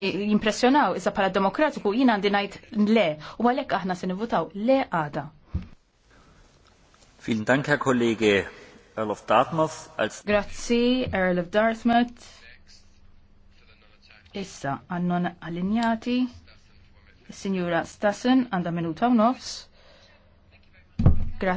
jimpressjonaw iżda pala demokratiku jina għandi ngħid le u għalhekk aħna se nivutaw le għada. Vielen Dank, Herr Kollege Earl of Dartmouth. Als Grazzi, Earl of Dartmouth. Issa, għannon allinjati. Signora Stassen, għanda minuta u nofs.